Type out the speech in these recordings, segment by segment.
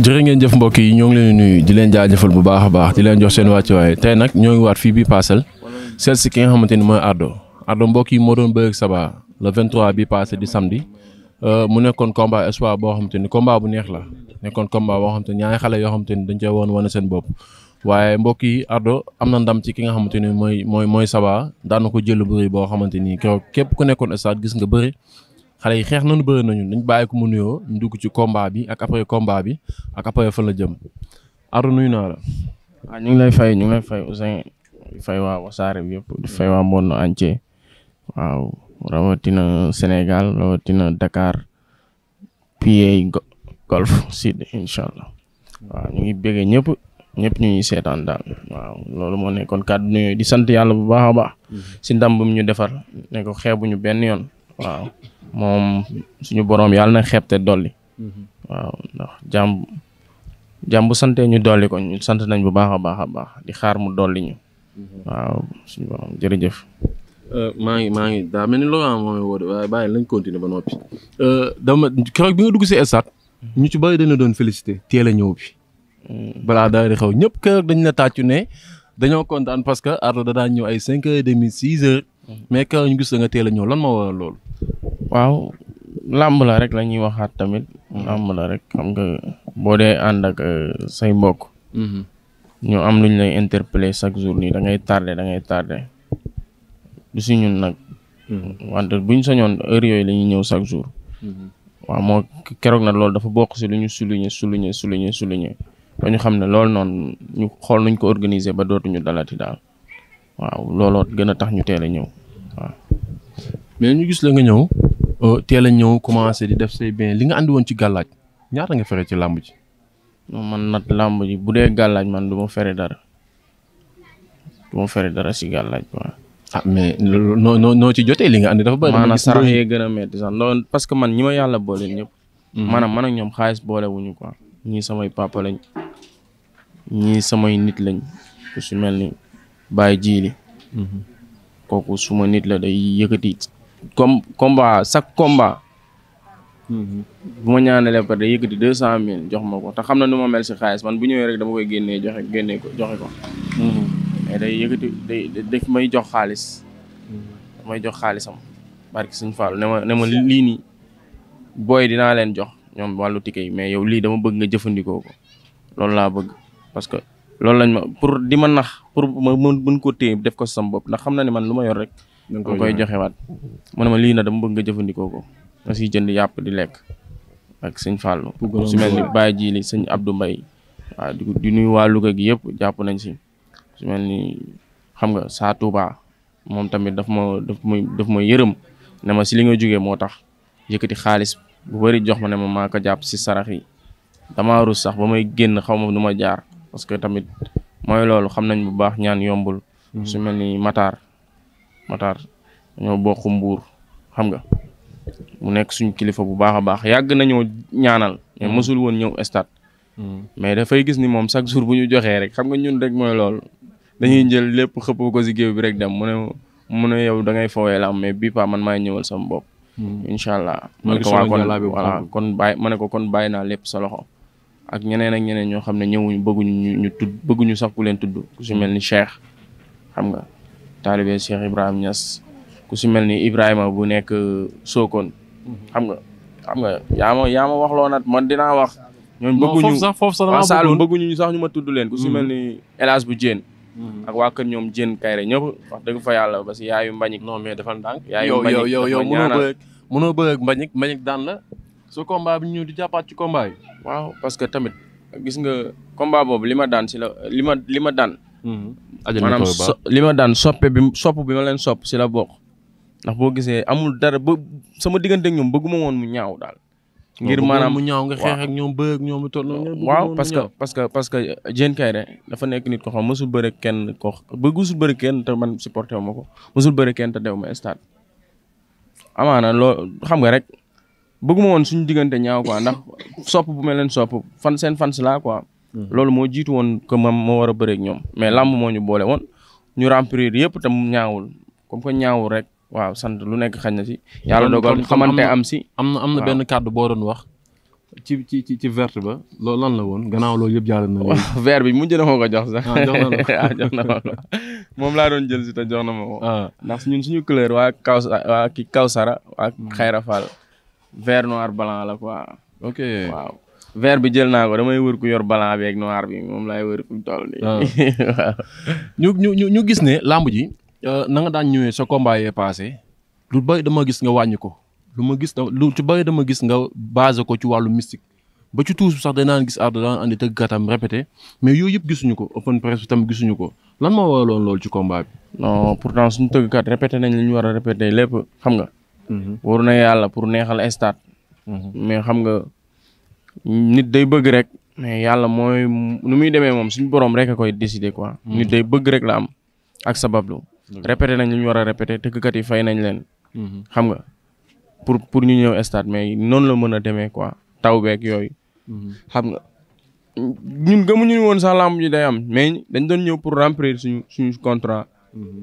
jërë ngeen jëf mbokk yi ñoo ngi leen di nuyu di leen jaajëfal bu baax a baax di leen jox seen wàccuwaay tey nag ñoo ngi waat fii bi paasal seet si ki nga xamante ni mooy Ardo Ardo mbokk yi moo doon bëgg Sabaa le 23 bi passé di samedi euh, mu nekkoon combat espoir boo xamante ni combat bu neex la nekkoon combat boo xamante ni ñaari xale yoo xamante ni dañ cee woon wane seen bopp waaye mbokk yi Ardo am na ndam ci ki nga xamante ni mooy mooy mooy Sabaa daan ko jël bëri boo xamante ni képp ku nekkoon stade gis nga bëri xale yi xeex nañu bëri nañu dañ bàyyi ko mu nuyoo ñu dugg ci kombaa bi ak après combat bi ak après fan la jëm Ardo nuyu naa la. waaw ah, ñu ngi lay fay ñu ngi lay fay Ousseyn di fay waa wasaare bi yëpp di fay waa monde entier waaw rawatina Sénégal rawatina Dakar PA golf sud incha allah waaw ñu ngi bëggee ñëpp. ñëpp ñu ngi seetaan daal waaw loolu moo nekkoon kàddu nuyoo di sant yàlla bu baax mhm. si ndam ñu defar ne ko xeebuñu benn yoon waaw moom suñu boroom yàlla na xeeb te dolli. Mhm. waaw ndax jàmm jàmm bu santee ñu dolli ko ñu sant nañ bu baax a baax a baax di xaar mu dolli ñu. Mhm. waaw suñu boroom jërëjëf. Euh, maa ngi maa ngi daa mel ni Laurent moom woo de waaye bàyyi lañ continuer ba noppi. Euh, dama bi nga dugg si stade. ñu ci bëri dañu doon félicité teel a ñëw bi. Mm. balaa daal di xew ñëpp keroog dañ na tàccu ne dañoo kontaan parce que Ardo da daan ñëw ay cinq heures et demi six heures. mais ka ñu gis da nga teel ñëw lan moo waral loolu. waaw làmb la rek lañuy waxaat tamit. làmb la rek xam nga boo dee ànd ak euh, say mbokk. Mm-hmm. ñu am lu ñu lay interpeller chaque jour nii da ngay tardé da ngay tardé du si ñun nag. Mm-hmm. wante buñ soñoon heure yooyu lañuy ñëw chaque jour. Mm-hmm. waaw moo keroog nag loolu dafa bokk si lu ñu souligner souligner souligner souligner ba ñu xam ne loolu noonu ñu xool nuñ ko organiser ba dootuñu dalati daal waaw looloo gën a tax ñu teel a ñëw. waaw mais ñu gis la nga ñëw euh, teel a ñëw commencé di def say bien li nga andi woon ci gàllaaj ñaata nga fere ci làmb ji. non man nag làmb ji bu dee gàllaaj man du ma fere dara du fere dara si gàllaaj quoi. ah mais noo noo noo ci jotee li nga andi dafa bëri. maanaam sarax yee gën a métti sax non parce man ñi ma yàlla boole ñëpp. Mhm. maanaam man ak ñoom xaalis boole wuñu quoi. ñii samay papa lañ ñii samay nit lañ ku si mel ni Baye Jiili. Mhm. kooku suma nit la day yëkkati comme combat chaque combat. Mhm. bu ma ñaanalee ba day yëkkati deux cent mille jox ma ko te xam na nu ma mel si xaalis man bu ñëwee rek dama koy génnee joxe génnee ko joxe ko. Mhm. mais day yëkkati day def may jox xaalis. damay mhm. jox xaalisam. barki suñ Fall ne ma ne ma lii nii booy dinaa leen jox ñoom wàllu ticket yi mais yow lii dama bëgg nga jëfandikoo ko loolu laa bëgg loolu lañ ma pour di ma nax pour ma mën ko téye def ko sam bopp ndax xam na ne man lu ma yor rek. da koy waat mu ne ma lii na dama bëgg nga jëfandikoo ko. nga siy jënd yàpp di lekk ak sëñ Fallou. su mel ni Baye Djili sëñ Abdou Mbaye waaw di di nuyu waa Louga yëpp jàpp nañ si su mel ni xam nga saa Touba moom tamit daf ma daf ma daf ma yërëm ne ma si li nga jógee moo tax yëkkati xaalis bu bëri jox ma ne ma maa ko jàpp si sarax yi damaa rus sax ba may génn xaw ma nu ma jaar. parce que tamit mooy loolu xam nañ bu baax ñaan yombul. Mm-hmm. su mel ni Matar Matar ñoo bokk mbuur xam nga mu nekk suñ kilifa bu baax a baax yàgg nañoo ñaanal mais mm-hmm. mosul woon ñëw stade. Mm-hmm. mais dafay gis ni moom chaque jour bu ñu joxee rek xam nga ñun rek mooy loolu dañuy jël lépp xëpp ko si géew bi rek dem mu ne mu ne yow da ngay foowee la mais bii paa man maay ñëwal sam bopp. incha allah. ma ne ko waa kon voilà kon ne ko kon bàyyi naa lépp soloxo ak ñeneen ak ñeneen ñoo xam ne ñëwuñu bëgguñu ñu ñu tudd bëgguñu sax ku leen tudd ku si mel ni Cheikh xam nga taalibe Cheikh Ibrahima ñas ku si mel ni Ibrahima bu nekk euh, Sokone xam nga xam nga yaa ma yaa ma wax loo nat man dinaa wax. ñooñu bëgguñu sax foofu sax waa Saalum bëgguñu ñu sax ñu ma tudd leen. ku si mm-hmm. mel ni El bu Dieng. Mm-hmm. ak waa ñoom Dieng Kayre ñëpp wax dëgg fa yàlla parce yaayu Mbagnick. non mais defal ndànk. yaayu Mbagnick dafa ñaanal yow mënoo bëgg mënoo bëgg daan la. su combat bi ñu di jàppaat ci combat waaw parce que tamit gis nga combat boobu li ma daan si la li ma li ma daan. Hmm. maanaam li ma daan soppe bi sopp bi ma leen sopp si la bokk. ndax boo gisee amul dara ba sama diggante ak ñoom bëgguma woon mu ñaaw daal. ngir maanaam mu ñaaw nga xeex ak ñoom bëgg ak ñoom toll waaw parce que parce que parce que Diène Kaïré dafa nekk nit ko xam mësul bëre kenn ko bëgg su bëre kenn te man supporté wu ma ko mësul bëre kenn te dew ma stade. amaana loo xam nga rek bëgguma woon suñu diggante ñaaw quoi ndax sopp bu ma leen sopp fan seen fans laa quoi. Hmm. loolu moo jiitu woon ko ma ma war a bëreeg ñoom mais làmb moo ñu boole woon ñu remplir yëpp te ñaawul comme que ñaawul rek waaw sant lu nekk xañ na si. yàlla dogal xamante am si. am am na benn kàddu boo doon wax. ci ci ci vert ba loolu lan la woon gannaaw loolu yëpp jàll na. waaw bi mujj na ma ko jox sax. Ah, ah, moom laa doon jël si te jox na ma ko. Ah. ndax ñun suñu couleur waa Kaw waa kii Kawsara waa Xayra hmm. vert noir blanc la quoi. ok waaw vert bi jël naa ko damay wër ku yor blanc bi ak noir bi moom laay wër fu mu toll nii. Ah. waaw ñu gis ne làmb ji. Euh, na daan ñëwee sa combat yee lu bëri dama gis nga wàññi ko. lu ma gis lu ci bëri dama gis nga basé ko ci wàllu mystique. ba ci tuus sax danaan gis aar daan andi tëggatam répété mais yooyu yëpp gisuñu ko open press tam gisuñu ko lan moo waraloon loolu ci combat bi. non pourtant suñu tëggkat répété nañ li ñu war a répété lépp xam nga. Mm-hmm. wóor na yàlla pour neexal stade. Mm-hmm. mais xam nga nit day bëgg rek. mais yàlla mooy nu muy demee moom suñ borom rek a koy décider quoi. Mm-hmm. nit day bëgg rek la am ak sabablu. répété nañ li ñu war a répété tëggkat yi fay nañ leen. xam nga pour pour ñu ñëw stade mais noonu la mën a demee quoi taw beeg yooyu. xam nga ñun gëmuñu woon sax lamb ji day am mais dañ doon ñëw pour remplir suñu suñu contrat.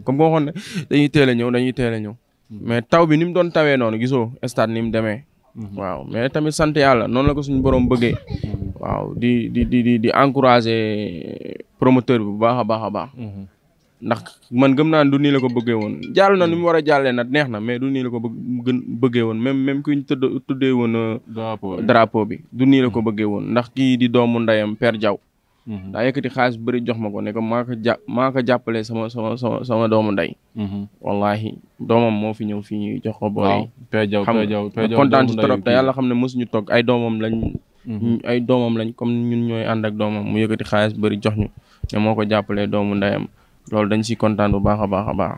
comme ko waxoon dañuy teel a ñëw dañuy teel a ñëw. mais taw bi ni mu doon tawee noonu gisoo stade ni mu demee. Mhm. waaw mais tamit sant yàlla noonu la ko suñu borom bëggee. Mhm. waaw di di di di di encourager promoteur bi bu baax a baax a baax. Mhm. ndax man gëm naa du nii la ko bëggee woon jàll na ni mu war a jàllee nag neex na mais du nii la ko bëgg gën bëggee woon même même ku ñu tëdd tuddee woon. Euh, drapeau bi du nii la ko bëggee woon ndax kii di doomu ndeyam per Diaw. Mm-hmm. daa yëkkati xaalis bëri jox ma ko ne ko maa ko ja maa ko jàppale sama sama sama sama doomu ndey. Mm-hmm. wallaahi doomam moo fi ñëw fii ñuy jox ko. booy pejaw pejaw pejaw kontaan ci trop te yàlla xam ne mosuñu togg ay doomam lañ. Mm-hmm. ay doomam lañ comme ñun ñooy ànd ak doomam mu yëkkati xaalis bëri jox ñu ne moo ko jàppalee doomu ndeyam loolu dañ siy kontaan bu baax a baax a baax.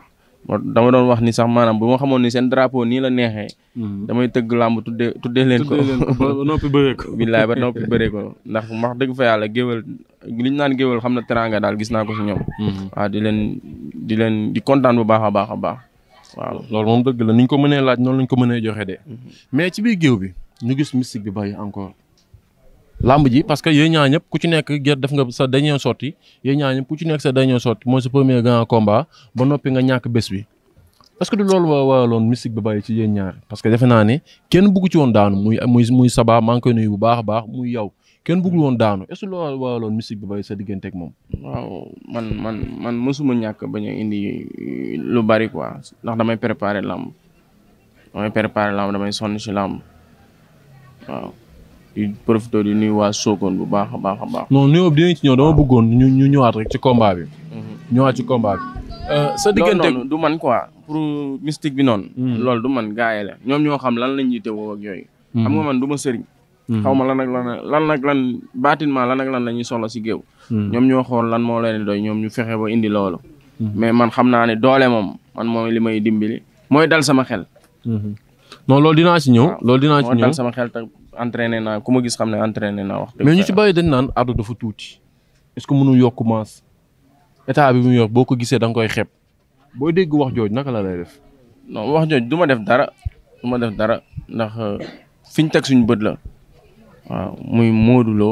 dama doon wax ni sax maanaam bu ma xamoon ni seen drapeau nii la neexee. damay tëgg làmb tuddee tuddee leen ko. tuddee leen ko ba noppi bëree ko. billaay ba noppi bëree ko ndax wax dëgg fa yàlla géwél liñ naan géwél xam na teranga daal gis naa ko si ñoom. waaw mhm. ah, di leen di leen di kontaan bu baax a baax a baax. waaw loolu moom dëgg la ni ñu ko mënee laaj noonu lañ ko mënee joxe de. Mhm. mais ci biir géew bi ñu gis mystique bi bàyyi encore. làmb ji parce que yéen ñaa ñëpp ku ci nekk def nga sa dernière sortie yéen ñaa ñëpp ku ci nekk sa dernière sortie mooy sa premier grand combat ba noppi nga ñàkk bés bi. est que du loolu waa waraloon mystique bi bàyyi ci yéen ñaar parce que defe naa ne kenn bëggu ci woon daanu muy muy muy Saba maa ngi koy nuyu bu baax a baax muy yow kenn bëggul woon daanu est-ce que loolu waraloon musique bi bay sa diggante ak moom. waaw man man man mësuma ñàkk ba a indi eh, lu bari ko ndax damay préparer làmb damay préparer làmb damay sonn ci làmb waaw. di profité di waa Sokone bu baax a baax a baax. non nuyoo bi dinañ ci ñëw dama bëggoon ñu ñu ñëwaat rek ci kombaa bi. Mhm. ñëwaat ci combat bi. Euh, sa diggante du man quoi pour mystique bi noonu. Mhm. loolu du man gaayale ñoom ñoo xam lan lañ yittewoo ak yooyu. Mhm. man du Mm-hmm. xaw ma lan ak lan lan ak lan bâtiment lan ak lan la ñuy soxla si géew mm-hmm. ñoom ñoo xool lan moo leen doy ñoom ñu fexe ba indi loolu mm-hmm. mais man xam naa ne doole moom man mooy li may dimbali mooy dal sama xel non loolu dinaa si ñëw loolu dinaa ci ñëw dal sama xel te entraîné naa ku ma gis xam ne entraîné naa wax mais ñu ci bàyyi dañ naan Ardo dafa tuuti est-ce que munu yokk masse état bi mu yor boo ko gisee da nga koy xeeb booy dégg wax jooj naka la lay def non wax jooj duma def dara du ma def dara ndax euh, fi ñu teg suñu bët la waaw muy Modou Lo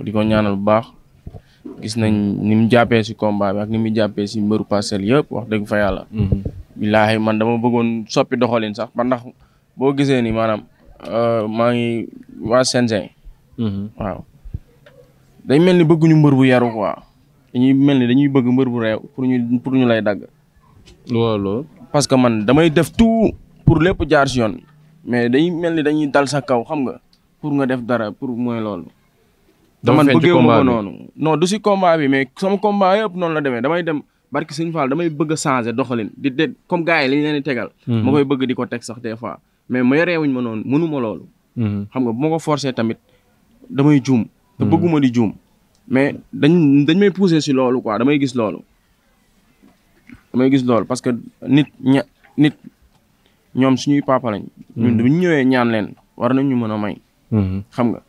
di ko ñaanal bu baax gis nañ ni mu jàppee si combat bi ak ni mu jàppee si mbëru parcelles yëpp wax dëgg fa yàlla. Mm-hmm. billaahi man dama bëggoon soppi doxalin sax ba ndax boo gisee ni maanaam euh, maa ngi waa CNG. Mm-hmm. waaw dañ mel ni bëgguñu mbër bu yaru quoi dañuy mel ni dañuy bëgg mbër bu réew pour ñu pour lay dagg. loolu parce que man damay def tout pour lépp jaar si yoon mais day mel ni dañuy dal sa kaw xam nga. pour nga def dara pour mooy loolu. dama man noonu. non du si combat bi mais sama combat noonu la demee damay dem barki Sëñ Fall damay bëgg a changer doxalin di de comme gars li ñu leen di tegal. Hmm. ma koy bëgg di ko teg sax des fois mais ma yoreewuñ ma noonu mënu ma loolu. Hmm. xam nga bu ma ko forcer tamit damay juum. te hmm. bëgguma di juum. mais dañ dañ may si loolu quoi damay gis loolu. gis loolu parce que nit nit ñoom suñuy papa lañ. ñun bu ñu ñëwee ñaan ñu mën a may. Mm-hmm. xam nga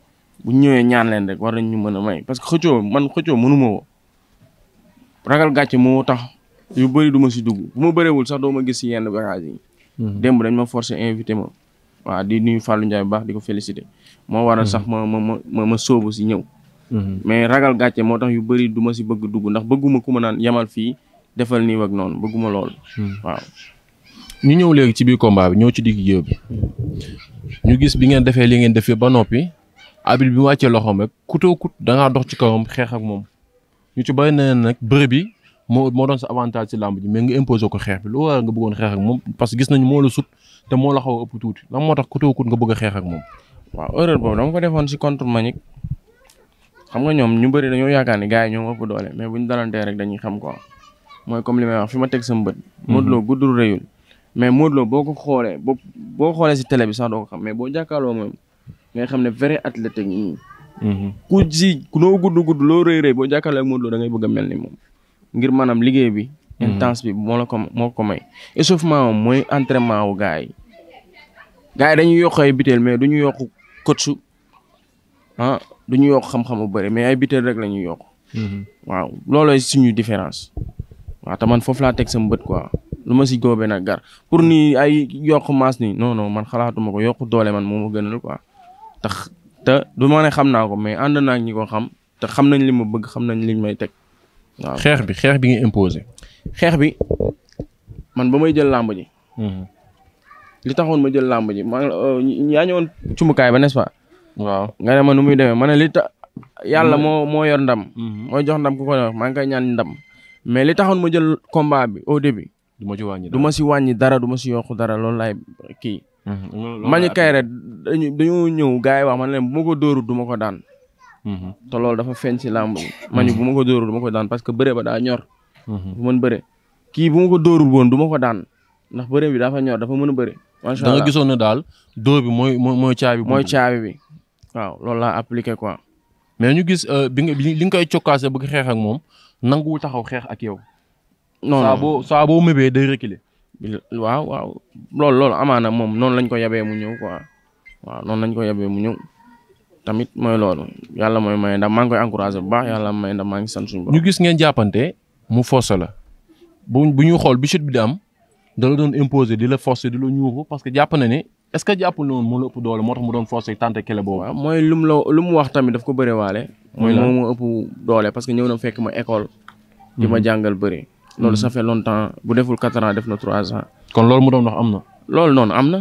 bu ñëwee ñaan leen rek war nañ ñu mën a may parce que xëccoo man xëccoo mënuma woo ragal gàcce moo tax yu bëri duma si dugg bu ma bëreewul sax doo ma gis si yenn bagage yi. Mm-hmm. démb dañ ma forcé invité ma. waaw di nuyu Fallou Ndiaye bu baax di ko félicité. moo waral mm-hmm. sax ma ma ma ma sóobu si ñëw. mais ragal gàcce moo tax yu bëri duma si bëgg dugg ndax bëgguma ku ma naan yamal fii defal nii ak noonu bëgguma lool. waaw ñu ñëw léegi ci biir combat bi ñëw ci digg géew ñu gis bi ngeen defee li ngeen defee ba noppi abil bi wàccee loxoom rek kutoo kut da ngaa dox ci kawam xeex ak moom ñu ci bari na nag bërëb bi moo moo doon sa avantage ci làmb ji mais nga imposé ko xeex bi xeex ak parce que gis nañu moo la sut te moo la a ëpp tuuti lan moo tax kutoo kut nga bëgg a xeex ak moom. waaw erreur boobu dama ko defoon si contre Manick xam nga ñoom ñu bëri dañoo yaakaar ni gars yi ñoom ëpp doole mais buñ dalantee rek dañuy xam ko mooy comme li may wax fi ma teg sa mbët. Modou Lo guddul rëyul mais Modou boo ko xoolee boo boo xoolee si tele bi sax doo ko xam mais boo jàkkaarloo moom ngay xam ne vrai athlète yi nii. Mm-hmm. ku si loo gudd gudd loo rëy rëy boo jàkkaarloo ak Modou da ngay bëgg a mel ni moom. ngir maanaam liggéey bi. Mm-hmm. intense bi moo la ko moo ko may. échauffement moom mooy entraînement wu gars yi gars yi dañuy yokk ay biteel mais du ñu yokk coach ah du ñu yokk xam-xam bu bëri mais ay biteel rek la ñuy yokk. Mm-hmm. waaw loolooy suñu différence. waaw man foofu laa teg sama bët quoi. lu ma si góobee nag gar pour nii ay yokk mas ni non non man xalaatuma ko yokk doole man moo ma gënal quoi tax te du ma ne xam naa ko mais ànd naa ñi ko xam te xam nañ li ma bëgg xam nañ liñ may teg waaw. xeex bi xeex bi nga imposé. xeex bi man ba may jël làmb ji. Mhm. li taxoon ma jël làmb ji maa euh, yaa ñëwoon cumukaay ba n'est-ce waaw nga ne ma nu muy demee ma ne li ta yàlla mhm. moo moo yor ndam. Mhm. moo jox ndam ku ko yor maa ngi koy ñaan ndam mais li taxoon ma jël combat bi au bi du ma ci wàññi dara du ma si wàññi dara du ma si dara loolu laay kii. Mhm, mañu kayre dañu dañoo ñëw gars yi wax man leen bu ma ko dóorut duma ko daan. Mhm. te loolu dafa feeñ si làmb mañu bu ma ko dóorut du ko daan parce que bëre ba daa ñor. bu mhm. mën kii bu ma ko dóorul woon du ko daan ndax bëre bi dafa ñor dafa mën a bëre. macha allah da gisoon na daal dóor bi mooy mooy caabi. mooy caabi bi waaw loolu laa appliqué quoi. mais ñu gis euh, bi nga li nga koy cokkaase bëgg xeex ak moom nanguwu taxaw xeex ak yow. non saa boo saa boo mébee day reculer. waaw waaw loolu loolu amaana moom noonu lañ ko yabee mu ñëw quoi waaw noonu lañ ko yabee mu ñëw tamit mooy loolu yàlla mooy may ndax maa ngi koy encouragé bu baax yàlla may ndax maa ngi sant suñu bopp. ñu gis ngeen jàppante mu force la bu bu ñuy xool bi chute bi di am da la doon imposer di la forcer di la ñuuxu parce que jàpp na ne est ce que jàpp na woon moo la ëpp doole moo tax mu doon forcer tante kele boobu. mooy lu mu la lu mu wax tamit daf ko bëre waale. mooy la m doole parce que ñëw na fekk ma école. di ma mhm. jàngal bëri. loolu ça hmm. fait longtemps bu deful quatre ans def na trois ans. kon loolu mu doon wax am na. loolu noonu am na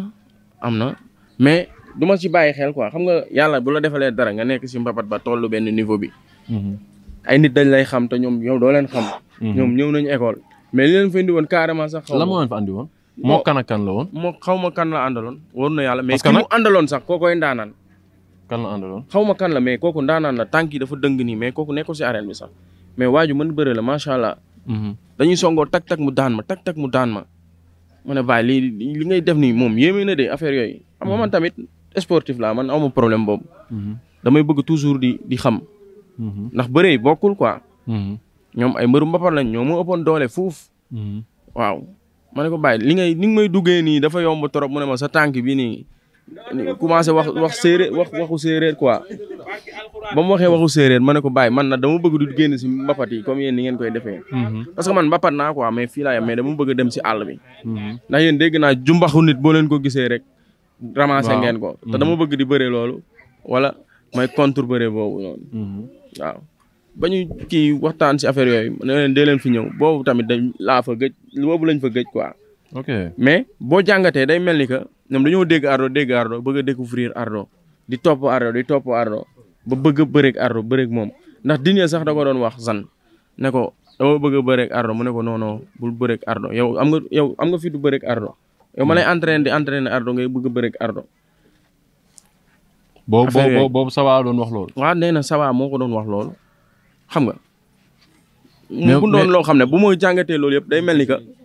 am na mais du ma ci bàyyi xel ko xam nga yàlla bu la defalee dara nga nekk ci mbapat ba tollu benn niveau bi. Hmm. ay nit dañ lay xam te ñoom ñëw doo leen xam. Hmm. ñoom ñëw nañu école. mais li leen fa indi woon sax. xaw la moo leen fa andi woon. moo kan la woon. moo xaw kan la àndaloon. wóor na yàlla mais ki mu àndaloon sax kookoy ndaanaan. kan la àndaloon xaw ma kan la mais kooku ndaanaan la tànk yi dafa dëng nii mais kooku nekkul ci arène bi sax mais waaju mën dañuy songoo tak tak mu daan ma tak tak mu daan ma ma ne bàyyi lii li ngay def nii moom yéeme na de affaire yooyu. am nga mm-hmm. man tamit sportif la man amu problème boobu. Mm-hmm. damay bëgg toujours di di xam. Mm-hmm. ndax bëree bokkul quoi. ñoom ay mbëru mbapat lañ ñoo ma ëppoon doole fuuf. waaw ma ne ko bàyyi li ngay ni nga may duggee nii dafa yomb trop mu ne ma sa tànk bi nii. commencé wax wax séeréer wax waxu séeréer quoi ba mu waxee waxu séeréer ma ne ko bàyyi man nag dama bëgg du génn si mbapat yi comme yéen ni ngeen koy defee. Mhm. parce que man mbapat naa quoi mais fii laa yem mais dama bëgg dem si àll bi. Mhm. ndax yéen dégg naa jumbaxu nit boo leen ko gisee rek. ramassé ngeen ko. te mhm. dama bëgg di bëre loolu. wala may contre bëre boobu noonu. waaw ba ñu kii waxtaan si affaire yooyu ne leen dee leen fi ñëw boobu tamit dañ laa fa gëj boobu lañ fa gëj quoi. ok ñoom dañoo dégg Ardo dégg Ardo bëgg a découvrir Ardo di topp Ardo di topp Ardo ba bëgg a bëreeg Ardo bëreeg moom ndax Digne sax da ko doon wax zan ne ko dama bëgg a bëreeg Ardo mu ne ko non non bul bëreeg yow am yow am nga fi du bëreeg Ardo ma lay hmm. entraîné di bëgg a bëreeg Ardo. boobu boobu boobu Sawa doon wax lool waaw nee na Sawa moo ko doon wax lool xam nga. mais bu doon loo xam ne bu mooy jàngatee loolu yëpp day mel ni que.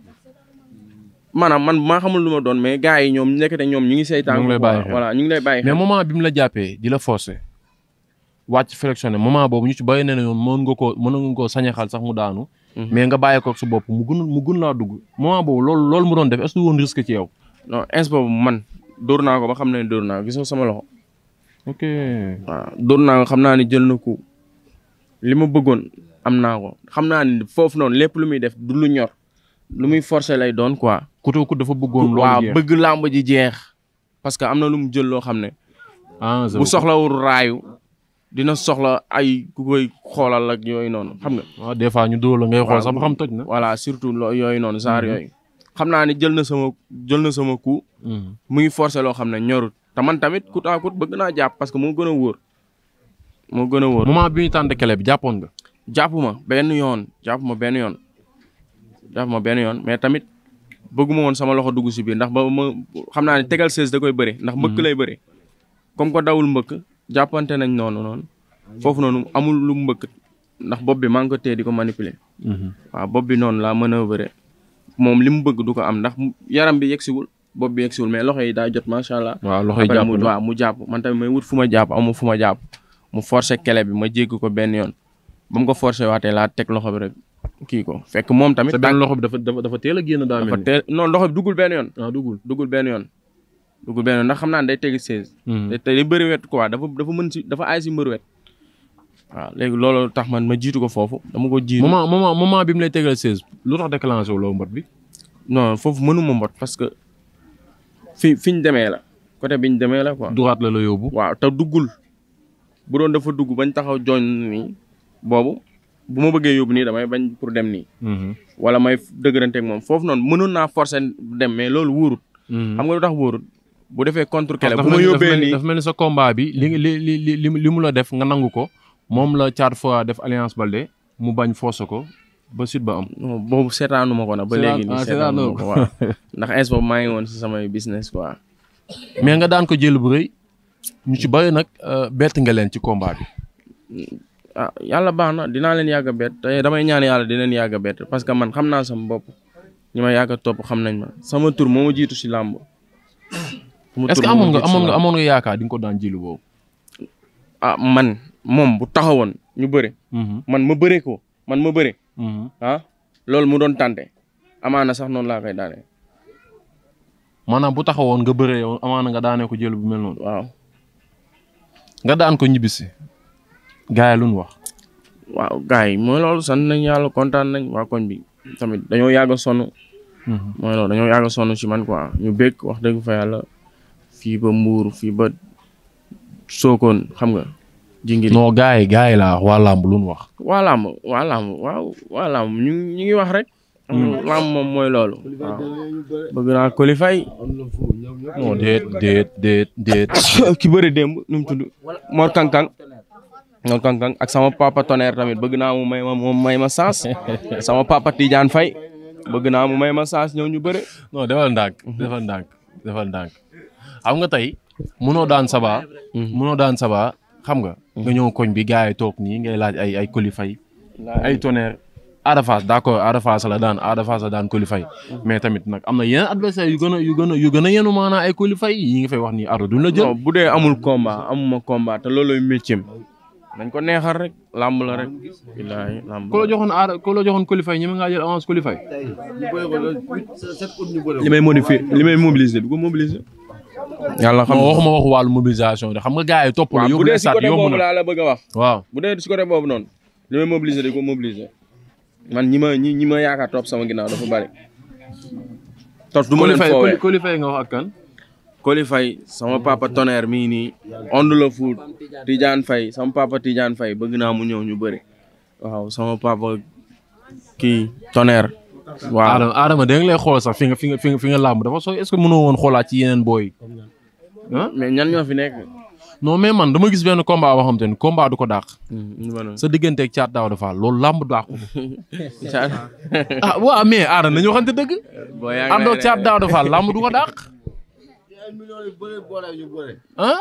maanaam man maa xamul lu ma doon mais gars yi ñoom nekkate ñoom ñu ngi saytaan. ñu ngi lay bàyyi xel voilà ñu ngi lay bàyyi xel. mais moment bi mu la jàppee di la forcer wàcc sélectionné moment boobu ñu ci bàyyi ne ñoom mën nga koo mën nga koo sañaxal sax mu daanu. Mhm. mais nga bàyyi ko su bopp mu gën mu laa dugg. moment boobu loolu loolu mu doon def est-ce que woon risque ci yow. non est-ce boobu man dóor naa ko ba xam ne dóor naa ko gisoo sama loxo. naa xam naa ne jël na ko li ma bëggoon am naa ko xam naa ne foofu noonu lépp lu muy def du ñor lu muy forcer lay doon quoi Couteau Couture dafa bëggoon. lu waaw bëgg làmb ji jeex. parce que am na lu mu jël loo xam ne. Ah, bu soxlawul raayu. dina soxla ay ku koy xoolal ak yooyu noonu xam nga. waaw ah, des fois ñu dóor la ngay xool sax xam toj na. voilà surtout loo yooyu noonu genre mhm. yooyu. xam naa ne jël na sama jël na sama coup. Mhm. muy forcé loo xam ne ñorut. te man tamit coûte à bëgg naa jàpp parce que moo gën a wóor. moo gën a wóor moment bi ñu tànn jàppoon nga. jàpp ma benn yoon jàpp ma benn yoon. mais tamit bëgguma woon sama loxo dugg si biir ndax ba ma xam naa ne tegal sées da koy bëre ndax mbëkk hmm. lay bëre comme ko dawul mbëkk jàppante nañ noonu noonu foofu noonu amul lu mbëkk ndax bopp bi maa ngi ko téye di ko manipuler hmm. waaw bopp bi noonu laa manœuvre moom li mu bëgg du ko am ndax yaram bi yegsiwul bopp bi yegsiwul mais loxo yi daa jot macha allah waaw loxo yi jàpp waaw mu jàpp man tamit may wut fu ma jàpp amul fu ma jàpp mu forcé kele bi ma jégg ko benn yoon ba mu ko forcé waatee laa teg loxo bi rek kii ko fekk moom tamit. sa benn loxo bi dafa teel a génn daa mel dafa teel non loxo bi duggul benn yoon. ah duggul duggul benn yoon. duggul yoon hmm. te te day bëri wet quoi dafa dafa mën si dafa aay si wet. waaw loolu tax man ma jiitu ko foofu dama ko jiitu. moment moment moment bi mu lay tegal seize lu tax déclenché wu loo mbot bi. non foofu mënuma mbot parce que fi fi ñu demee la côté bi ñu demee la quoi. duraat la la yóbbu. waaw te duggul bu doon dafa dugg bañ taxaw jooñ nii boobu. bu ma bëggee yóbbu nii damay bañ pour dem nii. Mhm. wala may dëgërante ak moom foofu noonu mënoon naa forcer dem mais loolu wóorut. Mhm. xam nga lu tax wóorut bu defee contre kele bu ma yóbbee nii dafa mel ni sa combat li li li li mu la def nga nangu ko moom la caat fois def alliance Balde mu bañ forcer ko. ba sud ba am. boobu seetaanu ma ko nag. ba léegi nii ah, seetaanu ma ko waaw ndax ins maa ngi woon si samay business quoi. mais nga daan ko jël bu rëy ñu ci bëri nag euh, bett nga leen ci combat bi. ah yàlla baax na dinaa leen yàgg a bett te damay ñaan yàlla di leen yàgg a bett parce que man xam naa sama bopp ñi ma yàgg a topp xam nañ ma sama tur moom ma jiitu si làmb. est-ce amoon nga amoon nga amoon nga yaakaar di nga ko daan jilu boobu. ah man moom bu taxawoon ñu bëri. Mm-hmm. man ma bëree ko man ma bëri. Mm-hmm. Ah, loolu mu doon tànte amaana sax noonu laa koy daane. maanaam bu taxawoon nga bëree yow amaana nga daanee ko jël bu mel noonu. waaw. nga daan ko ñibbisi. gars yi lu mu wax. waaw gars yi mooy loolu sant nañ yàlla kontaan nañ waa koñ bi tamit dañoo yàgg a sonn. Mhm. mooy loolu dañoo yàgg a sonn ci man quoi ñu bég wax dëgg fa yàlla fii ba Mbour fi ba Sokone xam nga. jingiri non gars yi gars yi laa wax waa làmb lu mu wax. waa làmb waaw waa làmb ñu ñu ngi wax rek. làmb moom mooy loolu. waaw bëgg naa qualifier. non déet déet déet ki bëri démb nu mu tudd Mor Kankang ñoom kankang ak sama papa tonnerre tamit bëgg naa mu may ma mu may ma sens sama papa Tidiane Faye bëgg naa mu may ma sens ñoo ñu bëre. non defal ndànk defal ndànk defal ndànk xam nga tey mënoo daan Saba. mënoo mhm. daan Saba xam nga. nga ñëw koñ bi gaa yi toog nii ngay laaj ay ay kolifay ay tonnerre Ada Fass d'accord Ada Fass la daan Ada Fass la daan kolifay mhm. mais tamit nag am na yenn adversaire yu gën a yu gën a yu yenu maanaa ay kolifay yi nga fay wax nii Ada duñ la jël. bu dee amul combat amuma combat te looloy métier nañ ko neexal rek làmb rek. billaahi làmb la ko la joxoon aar ko la joxoon qualifié ñi nga jël avance qualifié. li may modifié li may mobiliser du ko mobiliser. yàlla xam waxuma waxu wàllu mobilisation de xam nga gars yi topp la yóbbu na sat yóbbu laa la bëgg a wax waaw bu dee si côté boobu noon li may mobiliser di ko mobiliser man ñi ma ñi ñi ma yaakaar topp sama ginnaaw dafa bari. tos du ma leen foowee qualifié nga Koli Faye sama papa tonnerre mii nii Onde la Food Tidiane Faye sama papa Tidiane Faye bëgg naa mu ñëw ñu bëri waaw sama papa kii tonnerre. waaw Adama Adama da nga lay xool sax fi nga fi nga fi nga làmb dafa sooy est-ce woon xoolaat ci yeneen booy mais ñan ñoo fi nekk. non mais man dama gis benn combat boo xam te ni combat du ko dàq. Hmm, sa digganteeg caat daaw dafa loolu làmb dàqu. ah waaw mais Adama nañu waxante dëgg. boo yaa daaw dafa làmb du ko dàq. ah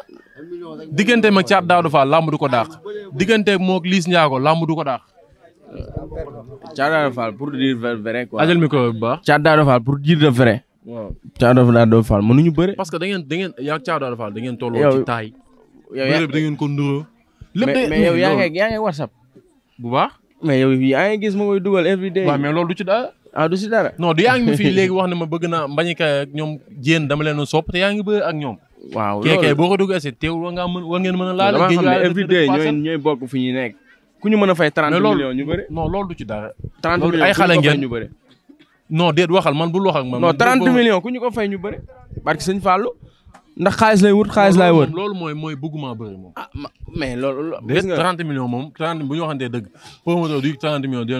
diggante mag Thiat Daouda Fall làmb du ko daax diggante moog Liss Ndiago làmb du ko daax. Thiat Daouda Fall pour dire vrai quoi. ajal micro bi bu baax. Thiat Daouda Fall pour dire vrai. waaw Thiat Daouda Fall mënuñu bëre. parce que da ngeen da ngeen yaa Thiat da ngeen tolloo ci taay. yow yaa ko nduroo. lépp de mais yow WhatsApp. bu baax mais yow yaa gis ma dugal every day. waaw mais loolu du ci ah du si dara. non du yaa ngi fi léegi wax na ma bëgg naa mbañikaay ak ñoom jéen dama leen sopp te yaa ngi bëgg ak ñoom. waaw loolu boo ko dugg si teewul war ngaa mën wa ngeen mën a laal. géej waaye every day ñooy ñooy bokk fu ñuy nekk. ku ñu mën a fay trente millions ñu bëri. non loolu du ci dara. trente millions ay xale ngeen ñu bëri. non déet waxal man bul wax ak man. non trente millions ku ñu ko fay ñu bëri. barki sëñ Fallou ndax xaalis lay wut xaalis laay wër. loolu mooy mooy bëgguma bëri moom. ah mais loolu. moom 30 bu ñu waxantee dëgg. promoteur du 30 millions di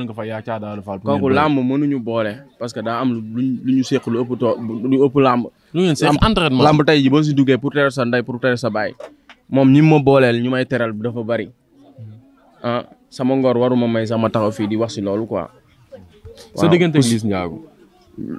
que daa am luñ lu ñu seq lu ëpp too lu ëpp làmb. tey ji boo si duggee pour teral sa ndey pour teral sa baay. moom ñi ma booleel ñu may teral dafa bari. ah sama ngor waruma may sama taxaw fii di wax si loolu quoi. sa diggante Liss Ndiago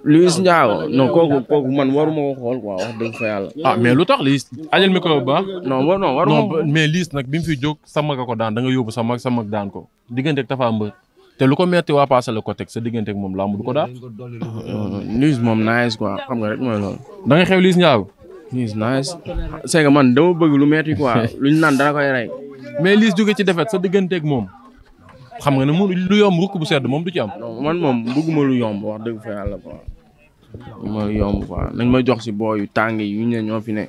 Luis Ndiago non kooku man waruma ko xool quoi wax dëgg fa yàlla. ah mais lu tax Liss. ajal mi ko bu baax. non non waruma non mais Liss nag bi mu fi jóg sa mag a ko daan da nga yóbbu sa mag sa mag daan ko digganteeg Tapha Mbeur te lu ko metti waa paase la ko teg sa diggante digganteeg moom làmb du ko daal. Euh, Liss moom nice quoi xam nga rek mooy loolu. da nga xew Liss Ndiago. Liss nice. c'est man dama bëgg lu metti quoi luñ naan dana koy rey. mais Liss jóge ci defet sa digganteeg moom. xam nga ne mu lu yomb rukk bu sedd moom du ci am. man moom bëgguma lu yomb wax dëgg fa yàlla quoi. ma lu nañ ma jox si booy yu tàng yi ñu ne ñoo fi ne.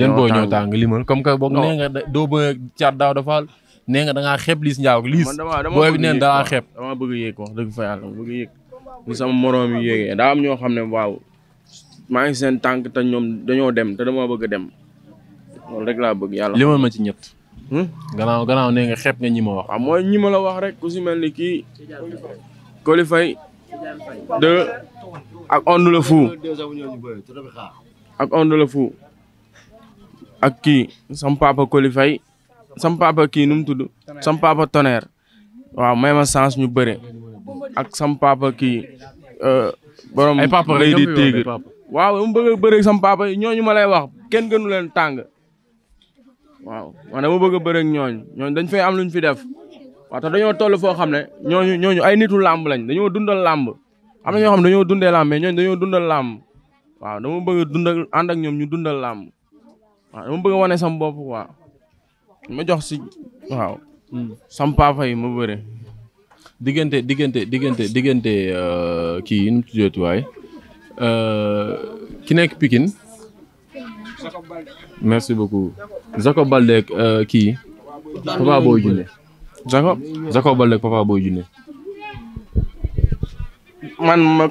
yan booy ñoo tàng limal comme que boog nee nga doo bëgg caat daaw dafa nee nga da ngaa xeeb liis njaaw liis. booy bi neen da ngaa xeeb dama bëgg yéeg dëgg fa yàlla bëgg yéeg. ni sama moroom yi yéegee daa am ñoo xam ne waaw maa ngi seen tànk te ñoom dañoo dem te dama bëgg dem loolu rek laa bëgg yàlla. limal ma ci ñett Hmm? gannaaw gannaaw nee nga xeeb nga ñi ma wax. ah mooy ñi ma la wax rek ku si mel ni kii. Koli Faye. de ak Onde le ak Onde le ak kii sam papa Koli Faye papa kii nu mu tudd. sam papa Tonnerre. waaw may ma ñu bëre. ak sam papa kii. Euh, borom ay papa lay di téegir waaw mu bëgg bëre sam papa yi ñooñu ma lay wax kenn gënu leen tàng. waaw man dama bëgg a bëre ak ñooñu ñooñu dañ fay am lu ñu fi def waaw te dañoo toll foo xam ne ñooñu ñooñu ay nitu làmb lañ dañoo dundal làmb am na ñoo xam ne dañoo dundee làmb mais ñooñu dañoo dundal làmb waaw dama bëgg a dundal ànd ak ñoom ñu dundal làmb waaw dama bëgg wane sam bopp waaw ma jox si waaw hmm. sam yi ma bëre diggante diggante diggante diggante euh, kii yi nu mu tuddee waay euh, ki nekk Pikine merci beaucoup Jacob Baldé ki euh, kii Papa Boy Djiné Jacob Jacob Baldé ak Papa Boy Djiné man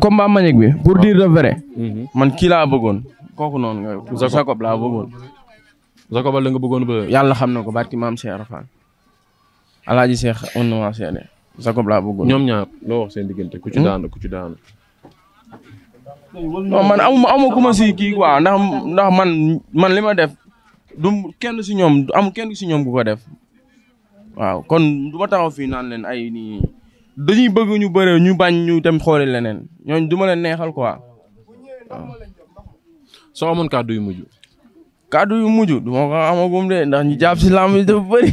combat manique bi bi pour dire le vrai mhm. man kii laa bëggoon kooku noonu nga Jacob laa bëggoon Jacob Baldé nga bëggoon ba yàlla xam na ko barki maam Cheikh Rafal alaaji Cheikh on na maa seede bëggoon ñoom ñaar loo wax seen diggante ku hmm? daanu ku daanu non man amuma amu ku si kii quoi ndax ndax man man li ma def du kenn si ñoom am kenn si ñoom ku ko def waaw kon duma ma taxaw fii naan leen ay nii dañuy bëgg ñu bëre ñu bañ ñu dem xoole leneen ñooñ du ma leen neexal quoi soo amoon kàddu yu mujj. kàddu yu mujj du ma ko amagum de ndax ñu jàpp si làmb yi dafa bëri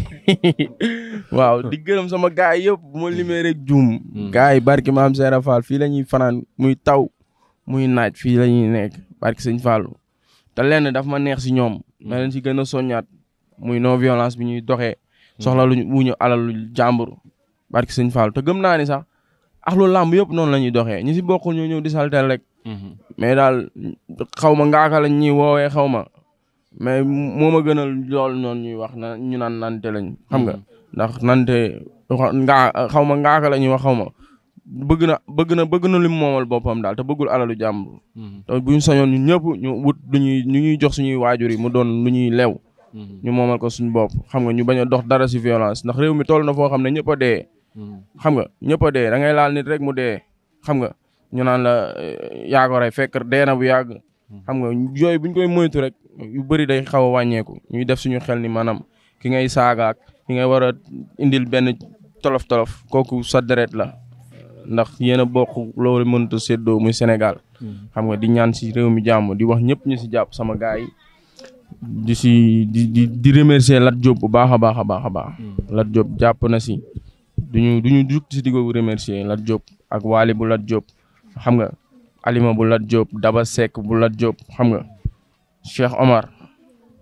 waaw di gërëm sama gaay yëpp bu ma limee rek juum. Hmm. gaay yi barki maam Serap Fall fii lañuy fanaan muy taw. muy naaj fii la ñuy nekk barki sëñ Fallou te lenn daf ma neex si ñoom ma leen si gën a soññaat muy noo violence bi ñuy doxee soxla luñ wuñu alalu jàmbur barki sëñ Fallou te gëm naa ni sax axlu làmb yëpp noonu la ñuy doxee ñi si bokkul ñoo ñëw di saltel rek mhm. mais daal xaw ma ngaaka lañ ñuy woowee xawma ma mais moo ma gënal lool noonu ñuy wax na ñu naan nante lañ xam nga mhm. ndax nante ngaa xaw ma ngaaka la ñuy wax xaw ma bëgg na bëgg na bëgg na lim moomal boppam daal te bëggul alalu jàmbur. te mhm. bu ñu sañoon ñun ñëpp ñu wut lu ñuy ñu ñuy jox suñuy waajur yi mu doon lu ñuy lew. Mhm. ñu moomal ko suñu bopp xam nga ñu bañ a dox dara si violence ndax réew mi toll na foo xam ne ñëpp dee. Mhm. xam nga ñëpp a dee ngay laal nit rek mu dee xam nga ñu naan la eh, yaa ko rey fekk dee bu yàgg. xam nga yooyu buñ koy moytu rek yu bëri day xaw a wàññeeku ñuy def suñu xel ni maanaam ki ngay saagaak ki ngay war a indil benn tolof kooku sa deret la ndax yéen a bokk loolu mënut a muy Sénégal. xam nga di ñaan si réew mi jàmm di wax ñëpp ñu si jàpp sama gaay di si di di di remercier Lat bu baax a baax a baax a baax. Mm. Lat Diop jàpp na si duñu duñu jug si di ko remercier Lat Diop ak Waly bu Lat xam nga Alima bu Lat Diop Daba Seck bu Lat Diop xam nga Cheikh Omar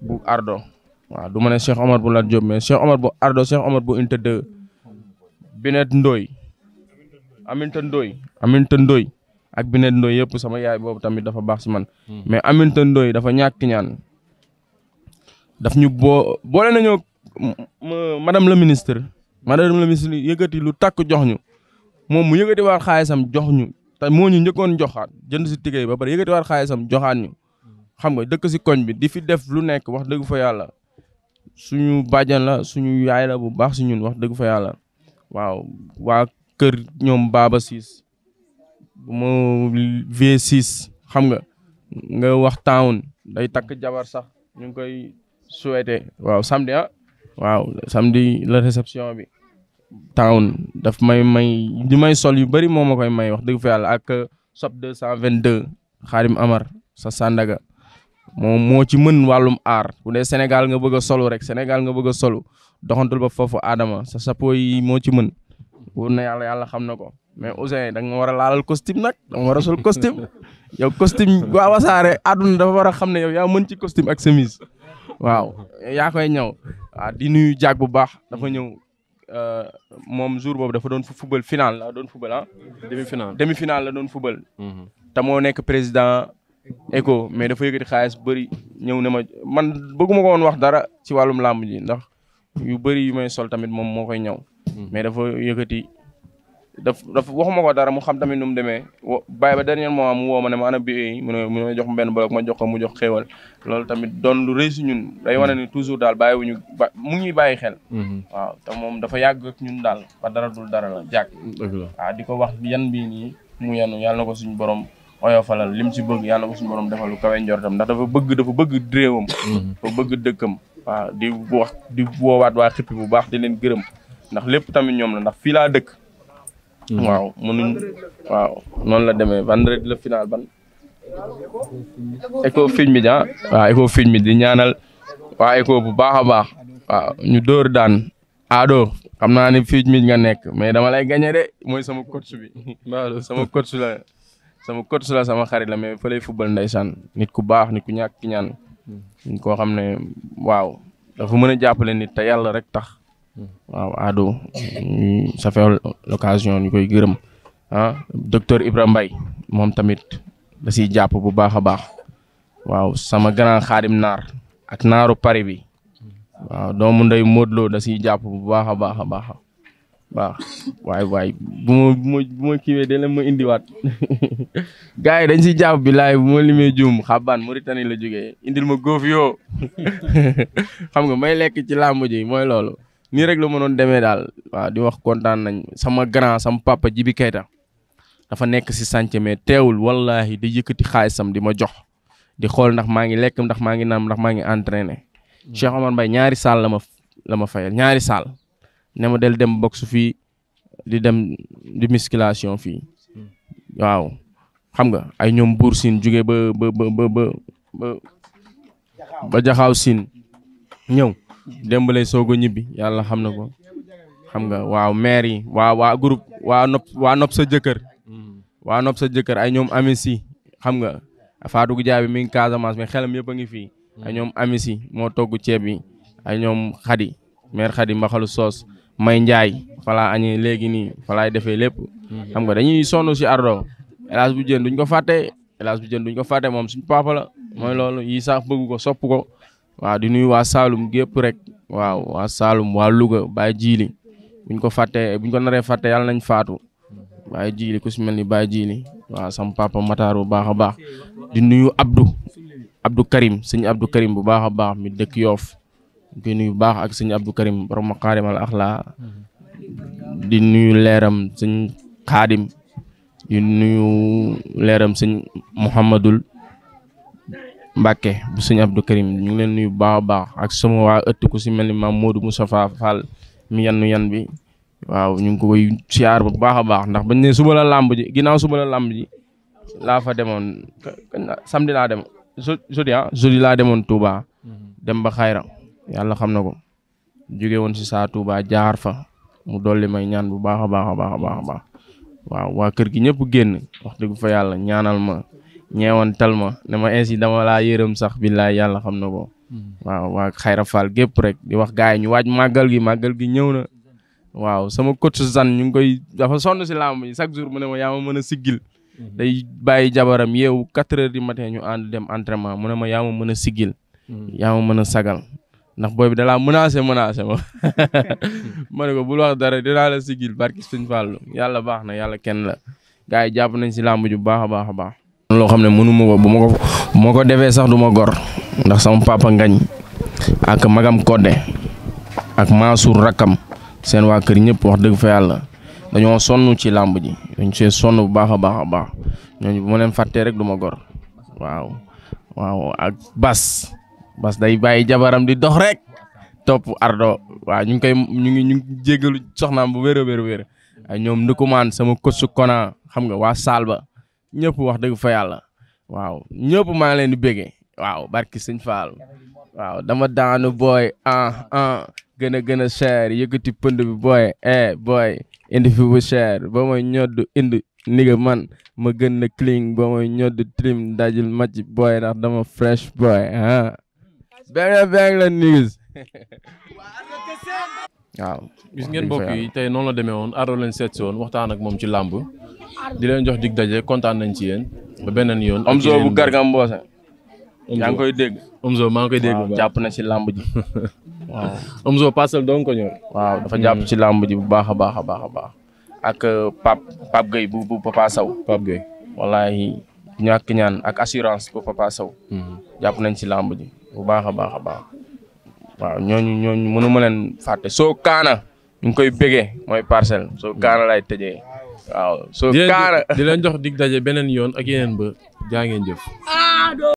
bu Ardo waa du ma ne Cheikh Omar bu Lat Diop mais Cheikh Omar bu Ardo Cheikh Omar bu Inte 2 Binet Ndoy Aminta Ndoye Aminta Ndoye ak Binet Ndoye yëpp sama yaay boobu tamit dafa baax si man. Hmm. mais Aminta Ndoye dafa ñàkk ñaan daf ñu boo boole nañoo madame la ministre madame la ministre yëkkati lu takk jox ñu moom mu yëkkati waat xaalisam jox ñu te moo ñu njëkkoon joxaat jënd si tigéey ba pare yëkkati waat xaalisam joxaat ñu. xam nga dëkk si koñ bi di fi def lu nekk wax dëgg fa yàlla suñu bàjjan la suñu yaay la bu baax si ñun wax dëgg fa yàlla waaw kër ñoom baaba siis mu V6 xam nga nga wax town day takk jabar sax ñu ngi koy souhaité waaw samedi ah waaw samedi la réception bi town daf may may di may sol yu bëri moo ma koy may wax dëgg fa yàlla ak SOP 222 Xaarim Amar sa Sandaga moo moo ci mën wàllum aar bu dee Sénégal nga bëgg a solu rek Sénégal nga bëgg solu doxantul ba foofu Adama sa sapo moo ci mën wóor na yàlla yàlla xam na ko mais Ouzin da nga war a laalal costume nag da nga war a sol costume yow costume waa wasaare àdduna dafa war a xam ne yow yaa mën ci costume ak chemise waaw yaa koy ñëw waaw di nuyu jaag bu baax dafa ñëw euh, moom jour boobu dafa doon football final la doon football ah. demi la doon football. Mhm. te moo nekk président ECHO mais dafa yëkkati xaalis bari ñëw ne ma man bëgguma ko woon wax dara ci wàllum làmb ji ndax yu bari yu may sol tamit moom moo koy ñëw. Mm-hmm. mais dafa yëkkati daf dafa waxuma ko dara mu xam tamit nu mu demee ba dernier moment mu woo ma ne ma ana bi mu mu ne jox mbenn benn ma jox ko mu jox xéewal loolu tamit doon lu réussi ñun day wane ni toujours daal bàyyiwuñu ba mu ngi bàyyi xel mm-hmm. waaw te moom dafa yàgg ñun daal ba dara dul dara la jàkk waaw di ko wax yan bii nii mu yenu yàlla na ko suñu borom oyofalal lim si bëgg yàlla na ko suñu borom defal lu kawe njortam ndax dafa bëgg dafa bëgg réewam mm-hmm. dafa bëgg dëkkam waaw di wax di woowaat waa xippi bu baax di leen gërëm ndax lépp tamit ñoom la ndax fii laa dëkk. Hmm. waaw mënuñ waaw noonu la demee vendredi la final ban. écho film bi ah waaw écho film bi di ñaanal waa écho bu baax a baax ñu dóor daan aado xam naa ni fii mi nga nekk mais dama lay gagné de mooy sama coach bi sama coach la sama coach la sama xarit la mais fa lay football ndeysaan nit ku baax nit ku ñàkk ñaan hmm. koo xam ne waaw dafa mën a jàppale nit te yàlla rek tax waaw Ado ça fait l'occasion koy gërëm ah docteur Ibra Mbaye moom tamit da siy jàpp bu baax a baax waaw sama grand xaadim naar ak naaru Paris bi waaw doomu ndey Modou Lo da siy jàpp bu baax a baax a baax waaw waay waay bu ma bu ma bu ma kiiwee de leen indiwaat gars yi dañ si jàpp bi laay bu ma limee juum xabaan Mauritanie la jógee indil ma góof yoo xam nga may lekk ci làmb ji mooy loolu. nii rek la mënoon demee daal waaw di wax kontaan nañ sama grand sama papa Jibi Kayta dafa nekk si sànce mais teewul wallahi di yëkkati xaalisam di ma jox di xool ndax maa ngi lekk ndax maa ngi naan ndax maa ngi entraîné. Cheikh Omar Mbaye ñaari saal la ma la ma fayal ñaari saal ne ma del dem boxe fii di dem di musculation fii waaw xam nga ay ñoom buur siin jóge ba ba ba ba ba siin ñëw. démb lay soog a ñibbi yàlla xam na ko xam nga waaw maire yi waa waa groupe waa nopp waa nopp sa jëkkër waa nop sa jëkkër ay ñoom amis yi xam nga Fatou Goudiaby mi ngi Casamance mais xelam yëpp a ngi fii ay ñoom amis yi moo togg ceeb bi ay ñoom xadi maire xadi mbaxalu soos may njaay falaa añee léegi nii falaay defee lépp xam nga dañuy sonn si ardo hélas bu jën duñ ko fàtte moom suñ papa mooy loolu yi sax bëgg ko sopp ko waaw di nuyu waa Saalum gépp rek waaw waa Saalum waa Louga baa Djili buñ ko fàttee buñ ko naree fàtte yàlla nañ faatu Baye Djili ku si mel ni baa Djili waaw sama papa bu baax a baax di nuyu Abdou Abdou Karim sëñ Abdou Karim bu baax a baax mi dëkk Yoff ñu nuyu baax ak sëñ Abdou Karim borom Makarimal Axlaa di nuyu leeram sëñ kaadim di nuyu leeram sëñ Muhammadul Mbacke bu sëñ Abdou Karim ñu ngi leen nuyu baax a baax ak sama waa ëtt ku si mel ni maam Modou Moustapha Fall mi yannu yan bi waaw ñu ngi ko koy siyaar bu baax a baax ndax bañ ne suba a làmb ji ginnaaw suba la làmb ji laa fa demoon samdilaa dem jeudi ah laa demoon Touba dem ba xayra yàlla xam na ko jóge woon si saa Touba jaar fa mu dolli may ñaan bu baax a baax a baax a baax waaw waa kër gi ñëpp génn wax dëgg fa yàlla ñaanal ma ñeewantal ma ne ma ainsi dama laa yërëm sax billaay yàlla xam na ko. Hmm. waaw waa Xayra Fall gépp rek di wax gaa yi ñu waaj màggal gi màggal gi ñëw na. waaw sama coach Zane ñu ngi koy dafa sonn si làmb yi chaque jour mu ne ma yaa ma mën a siggil. Hmm. day bàyyi jabaram yeewu quatre heures du ñu ànd dem entraînement mu ne ma yaa ma mën a siggil. Hmm. yaa mën a sagal. ndax booy bi da laa menacé menacé ma ma ne ko bul wax dara dinaa la siggil barki suñ fàllu yàlla baax na yàlla kenn la gars yi jàpp nañ si làmb ju baax a baax a baax. doon loo xam ne mënu ma ko bu ma ko bu ko defee sax du ma gor ndax sama papa ngañ ak magam kodde ak maasuur rakkam seen waa kër ñëpp wax dëgg fa yàlla dañoo sonn ci làmb ji dañ see sonn bu baax a baax a baax ñooñu ma leen fàttee rek du ma gor waaw day bàyyi jabaram di dox rek topp ardo waaw ñu ngi koy ñu ngi ñu ngi jéggalu soxnaam bu wér a ñoom ndëkumaan sama coach kona xam nga waa Salba ñëpp wax dëgg fa yàlla waaw ñëpp maa ngi leen di waaw barki sëñ Fall waaw dama daanu booy ah ah gën a gën a cher yëkkati pënd bi booy eh booy indi fi bu cher ba ma ñoddu indi niga man ma gën na cling ba ma ñoddu trim dajul màcc booy ndax dama fresh booy ah benn benn la news waaw gis ngeen mbokk yi tey noonu la woon aaro leen seet si woon waxtaan ak moom ci làmb di leen jox dig daje kontaan nañ ci yéen ba beneen yoon. Omzo bu Garga Mbossé. ñaa ngi koy dégg. Omzo maa ngi koy dégg. jàpp na ci làmb ji. waaw Omzo parcelle dong ko waaw dafa jàpp ci làmb ji bu baax a baax a baax a baax. ak euh, Pape Pape Gueye bu bu Papa Sow. Pape Gueye wallaahi ñàkk ñaan ak assurance bu Papa Sow. Mm-hmm. jàpp nañ ci làmb ji bu baax a baax a baax. waaw ñooñu ñooñu mënu ma leen fàtte soo kaana ñu ngi koy bégee mooy parcelle soo kaana lay tëjee. waaw so kaara di leen jox dig daje beneen yoon ak yeneen ba jaa ngeen jëf